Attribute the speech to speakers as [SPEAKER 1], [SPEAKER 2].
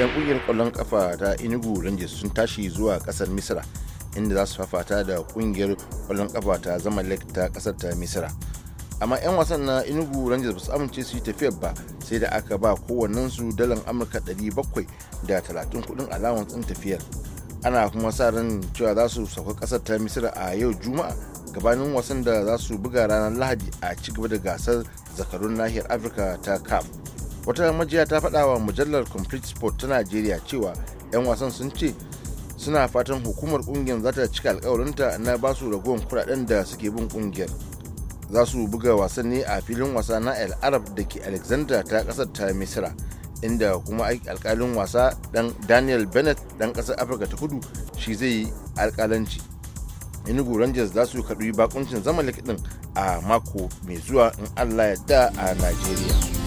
[SPEAKER 1] 'yan kungiyar kwallon kafa ta inugu rangers sun tashi zuwa kasar misira inda za su fafata da kungiyar kwallon kafa ta zama lake ta kasar ta misira amma 'yan wasan na inugu rangers ba su amince su yi tafiyar ba sai da aka ba kowannensu dalan amurka 700 da 30 kudin alawar tsin tafiyar ana kuma sa ran cewa za su sauka kasar ta misira a yau juma'a gabanin wasan da za su buga ranar lahadi a cigaba da gasar zakarun nahiyar afirka ta caf wata majiya ta faɗa wa mujallar complete sport ta najeriya cewa 'yan wasan sun ce suna fatan hukumar kungiyar za ta cika alkawarinta na ba su ragowar kudaden da suke bin kungiyar za su buga wasanni a filin wasa na el arab da ke alexander ta kasar ta misira inda kuma alkalin wasa dan daniel bennett dan kasar afirka ta kudu shi zai yi alkalanci inugu rangers za su karbi bakuncin zama likidin a mako mai zuwa in allah ya da a nigeria